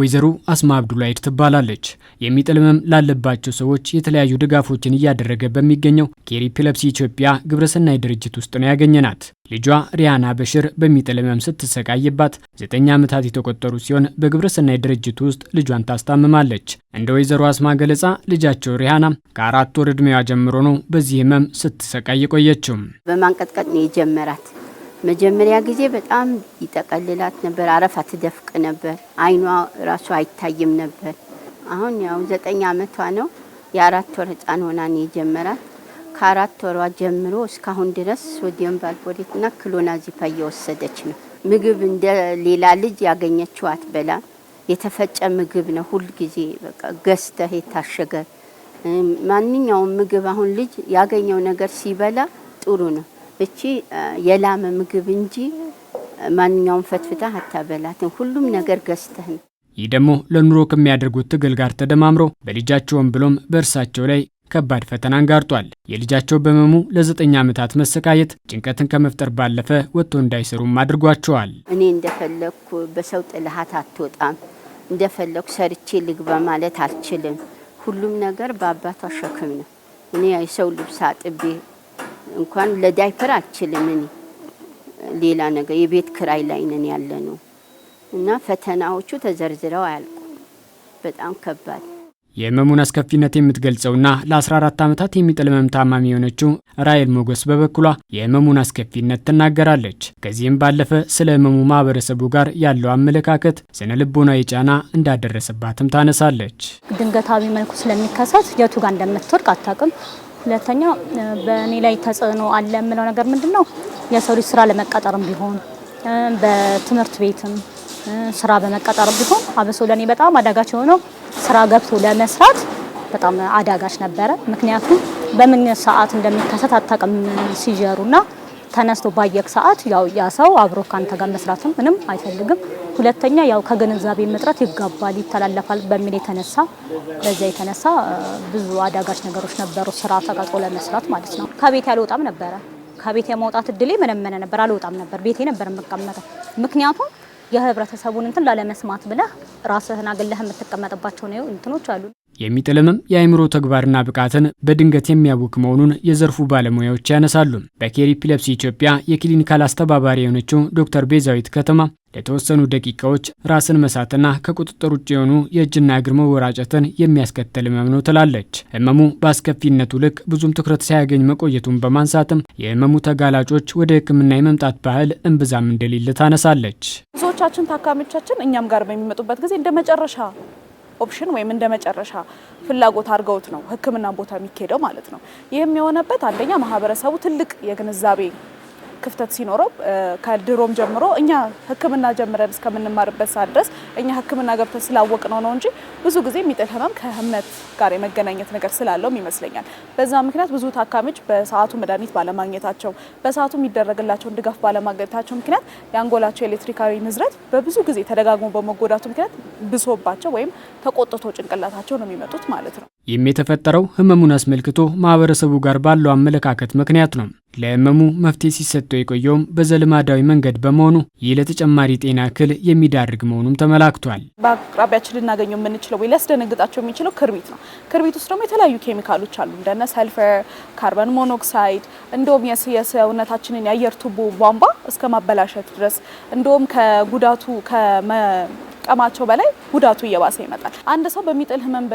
ወይዘሮ አስማ አብዱላይድ ትባላለች። የሚጥል ላለባቸው ሰዎች የተለያዩ ድጋፎችን እያደረገ በሚገኘው ኬሪ ፒለፕሲ ኢትዮጵያ ግብረሰናይ ድርጅት ውስጥ ነው ያገኘናት። ልጇ ሪያና በሽር በሚጥልመም ስትሰቃይባት ዘጠኝ ዓመታት የተቆጠሩ ሲሆን በግብረሰናይ ድርጅት ውስጥ ልጇን ታስታምማለች። እንደ ወይዘሮ አስማ ገለጻ ልጃቸው ሪያና ከአራት ወር ዕድሜዋ ጀምሮ ነው በዚህ ህመም ስትሰቃይ የቆየችው። በማንቀጥቀጥ ነው የጀመራት መጀመሪያ ጊዜ በጣም ይጠቀልላት ነበር፣ አረፋ ትደፍቅ ነበር፣ አይኗ ራሱ አይታይም ነበር። አሁን ያው ዘጠኝ አመቷ ነው። የአራት ወር ህፃን ሆና ነው የጀመራት። ከአራት ወሯ ጀምሮ እስካሁን ድረስ ሶዲየም ባልቦሬትና ክሎናዚፓ እየወሰደች ነው። ምግብ እንደ ሌላ ልጅ ያገኘችው አትበላ። የተፈጨ ምግብ ነው ሁል ጊዜ በቃ ገዝተህ የታሸገ ማንኛውም ምግብ አሁን ልጅ ያገኘው ነገር ሲበላ ጥሩ ነው። እቺ የላመ ምግብ እንጂ ማንኛውም ፈትፍታ አታበላትን። ሁሉም ነገር ገዝተህን። ይህ ደግሞ ለኑሮ ከሚያደርጉት ትግል ጋር ተደማምሮ በልጃቸውም ብሎም በእርሳቸው ላይ ከባድ ፈተናን ጋርጧል። የልጃቸው በመሙ ለዘጠኝ ዓመታት መሰቃየት ጭንቀትን ከመፍጠር ባለፈ ወጥቶ እንዳይሰሩም አድርጓቸዋል። እኔ እንደፈለግኩ በሰው ጥልሃት አትወጣም፣ እንደፈለግኩ ሰርቼ ልግባ ማለት አልችልም። ሁሉም ነገር በአባቷ ሸክም ነው። እኔ የሰው ልብስ አጥቤ እንኳን ለዳይፐር አልችልም እኔ ሌላ ነገር የቤት ክራይ ላይ ነን ያለ ነው እና ፈተናዎቹ ተዘርዝረው አያልቁ። በጣም ከባድ የህመሙን አስከፊነት የምትገልጸውና ለ14 ዓመታት የሚጥል ህመም ታማሚ የሆነችው ራይል ሞገስ በበኩሏ የህመሙን አስከፊነት ትናገራለች። ከዚህም ባለፈ ስለ ህመሙ ማህበረሰቡ ጋር ያለው አመለካከት ስነ ልቦናዊ ጫና እንዳደረሰባትም ታነሳለች። ድንገታዊ መልኩ ስለሚከሰት የቱ ጋር እንደምትወድቅ አታውቅም። ሁለተኛ በእኔ ላይ ተጽዕኖ አለ የምለው ነገር ምንድን ነው? የሰው ልጅ ስራ ለመቀጠርም ቢሆን በትምህርት ቤትም ስራ በመቀጠርም ቢሆን አብሶ ለእኔ በጣም አዳጋች የሆነው ስራ ገብቶ ለመስራት በጣም አዳጋች ነበረ። ምክንያቱም በምን ሰዓት እንደሚከሰት አታውቅም። ሲጀሩና ተነስቶ ባየክ ሰዓት ያው ያ ሰው አብሮ ካንተ ጋር መስራትም ምንም አይፈልግም። ሁለተኛ ያው ከግንዛቤ መጥረት ይጋባል፣ ይተላለፋል በሚል የተነሳ በዛ የተነሳ ብዙ አዳጋች ነገሮች ነበሩ። ስራ ተቀጥሮ ለመስራት ማለት ነው። ከቤት አልወጣም ነበረ። ከቤት የመውጣት እድሌ መነመነ ነበር። አልወጣም ነበር፣ ቤቴ ነበር የምቀመጠው። ምክንያቱም የህብረተሰቡን እንትን ላለመስማት ብለህ ራስህን አግለህ የምትቀመጥባቸው ነው እንትኖች አሉ። የሚጥልምም የአእምሮ ተግባርና ብቃትን በድንገት የሚያውክ መሆኑን የዘርፉ ባለሙያዎች ያነሳሉ። በኬር ኢፒሌፕሲ ኢትዮጵያ የክሊኒካል አስተባባሪ የሆነችው ዶክተር ቤዛዊት ከተማ ለተወሰኑ ደቂቃዎች ራስን መሳትና ከቁጥጥር ውጭ የሆኑ የእጅና እግር መወራጨትን የሚያስከትል ህመም ነው ትላለች። ህመሙ በአስከፊነቱ ልክ ብዙም ትኩረት ሳያገኝ መቆየቱን በማንሳትም የህመሙ ተጋላጮች ወደ ሕክምና የመምጣት ባህል እምብዛም እንደሌለ ታነሳለች። ብዙዎቻችን ታካሚዎቻችን እኛም ጋር በሚመጡበት ጊዜ እንደ መጨረሻ ኦፕሽን ወይም እንደ መጨረሻ ፍላጎት አድርገውት ነው ህክምና ቦታ የሚካሄደው ማለት ነው። ይህም የሆነበት አንደኛ ማህበረሰቡ ትልቅ የግንዛቤ ክፍተት ሲኖረው ከድሮም ጀምሮ እኛ ሕክምና ጀምረን እስከምንማርበት ሰዓት ድረስ እኛ ሕክምና ገብተን ስላወቅ ነው ነው እንጂ ብዙ ጊዜ የሚጥል ህመም ከእምነት ጋር የመገናኘት ነገር ስላለውም ይመስለኛል። በዛ ምክንያት ብዙ ታካሚዎች በሰዓቱ መድኃኒት ባለማግኘታቸው፣ በሰዓቱ የሚደረግላቸውን ድጋፍ ባለማግኘታቸው ምክንያት የአንጎላቸው ኤሌክትሪካዊ ንዝረት በብዙ ጊዜ ተደጋግሞ በመጎዳቱ ምክንያት ብሶባቸው ወይም ተቆጥቶ ጭንቅላታቸው ነው የሚመጡት ማለት ነው። ይህም የተፈጠረው ህመሙን አስመልክቶ ማህበረሰቡ ጋር ባለው አመለካከት ምክንያት ነው። ለህመሙ መፍትሄ ሲሰጠው የቆየውም በዘልማዳዊ መንገድ በመሆኑ ይህ ለተጨማሪ ጤና እክል የሚዳርግ መሆኑም ተመላክቷል። በአቅራቢያችን ልናገኘው የምንችለው ወይ ሊያስደነግጣቸው የሚችለው ክርቢት ነው። ክርቢት ውስጥ ደግሞ የተለያዩ ኬሚካሎች አሉ እንደነ ሰልፈር፣ ካርበን ሞኖክሳይድ እንዲሁም የሰውነታችንን የአየር ቱቦ ቧንቧ እስከ ማበላሸት ድረስ እንዲሁም ከጉዳቱ ከመቀማቸው በላይ ጉዳቱ እየባሰ ይመጣል። አንድ ሰው በሚጥል ህመም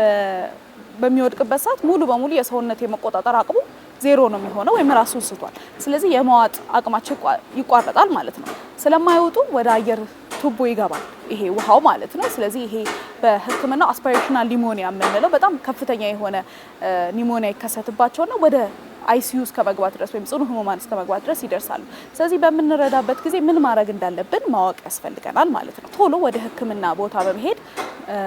በሚወድቅበት ሰዓት ሙሉ በሙሉ የሰውነት የመቆጣጠር አቅሙ ዜሮ ነው የሚሆነው ወይም ራሱን ስቷል። ስለዚህ የመዋጥ አቅማቸው ይቋረጣል ማለት ነው። ስለማይወጡ ወደ አየር ቱቦ ይገባል፣ ይሄ ውሃው ማለት ነው። ስለዚህ ይሄ በሕክምናው አስፓይሬሽናል ኒሞኒያ የምንለው በጣም ከፍተኛ የሆነ ኒሞኒያ ይከሰትባቸውና ወደ አይሲዩ እስከ መግባት ድረስ ወይም ጽኑ ህሙማን እስከ መግባት ድረስ ይደርሳሉ። ስለዚህ በምንረዳበት ጊዜ ምን ማድረግ እንዳለብን ማወቅ ያስፈልገናል ማለት ነው። ቶሎ ወደ ህክምና ቦታ በመሄድ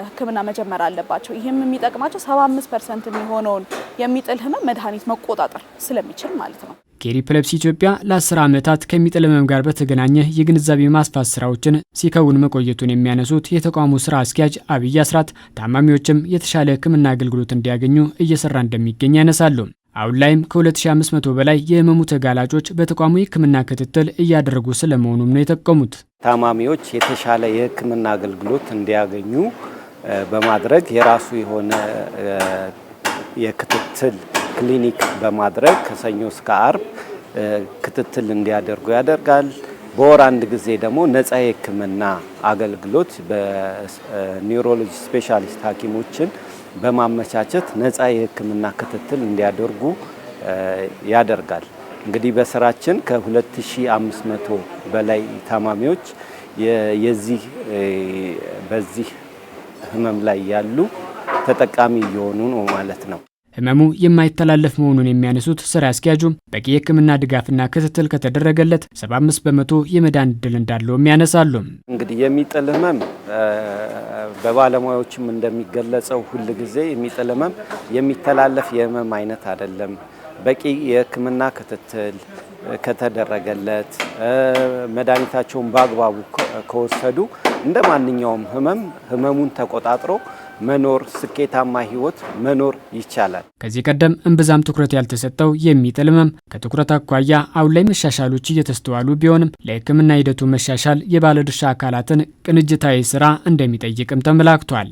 ህክምና መጀመር አለባቸው። ይህም የሚጠቅማቸው 75 ፐርሰንት የሚሆነውን የሚጥል ህመም መድኃኒት መቆጣጠር ስለሚችል ማለት ነው። ኬር ኤፒሌፕሲ ኢትዮጵያ ለ10 ዓመታት ከሚጥል ህመም ጋር በተገናኘ የግንዛቤ ማስፋት ስራዎችን ሲከውን መቆየቱን የሚያነሱት የተቋሙ ስራ አስኪያጅ አብይ አስራት ታማሚዎችም የተሻለ ህክምና አገልግሎት እንዲያገኙ እየሰራ እንደሚገኝ ያነሳሉ። አሁን ላይም ከ2500 በላይ የህመሙ ተጋላጮች በተቋሙ የህክምና ክትትል እያደረጉ ስለመሆኑም ነው የጠቀሙት። ታማሚዎች የተሻለ የሕክምና አገልግሎት እንዲያገኙ በማድረግ የራሱ የሆነ የክትትል ክሊኒክ በማድረግ ከሰኞ እስከ አርብ ክትትል እንዲያደርጉ ያደርጋል። በወር አንድ ጊዜ ደግሞ ነጻ የህክምና አገልግሎት በኒውሮሎጂ ስፔሻሊስት ሐኪሞችን በማመቻቸት ነጻ የህክምና ክትትል እንዲያደርጉ ያደርጋል። እንግዲህ በስራችን ከ2500 በላይ ታማሚዎች የዚህ በዚህ ህመም ላይ ያሉ ተጠቃሚ እየሆኑ ነው ማለት ነው። ህመሙ የማይተላለፍ መሆኑን የሚያነሱት ስራ አስኪያጁ በቂ የህክምና ድጋፍና ክትትል ከተደረገለት 75 በመቶ የመዳን እድል እንዳለውም ያነሳሉ። እንግዲህ የሚጥል ህመም በባለሙያዎችም እንደሚገለጸው ሁል ጊዜ የሚጥል ህመም የሚተላለፍ የህመም አይነት አይደለም። በቂ የሕክምና ክትትል ከተደረገለት መድኃኒታቸውን በአግባቡ ከወሰዱ እንደ ማንኛውም ህመም ህመሙን ተቆጣጥሮ መኖር ስኬታማ ህይወት መኖር ይቻላል። ከዚህ ቀደም እምብዛም ትኩረት ያልተሰጠው የሚጥል ህመም ከትኩረት አኳያ አሁን ላይ መሻሻሎች እየተስተዋሉ ቢሆንም ለህክምና ሂደቱ መሻሻል የባለድርሻ አካላትን ቅንጅታዊ ስራ እንደሚጠይቅም ተመላክቷል።